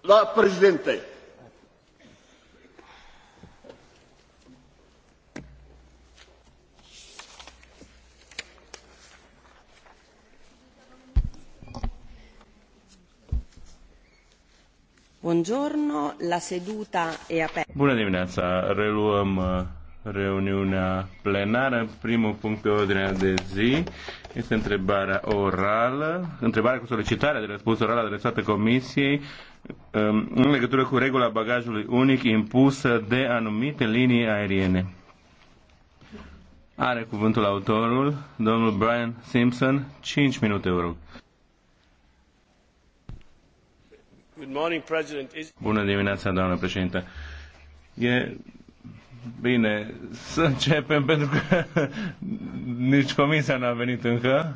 la președinte. Bună dimineața, reluăm uh, reuniunea plenară. Primul punct pe ordinea de zi este întrebarea orală, întrebarea cu solicitarea de răspuns oral adresată Comisiei um, în legătură cu regula bagajului unic impusă de anumite linii aeriene. Are cuvântul autorul, domnul Brian Simpson, 5 minute, vă rog. Bună dimineața, doamnă președinte. E Bine, să începem pentru că nici comisia n-a venit încă.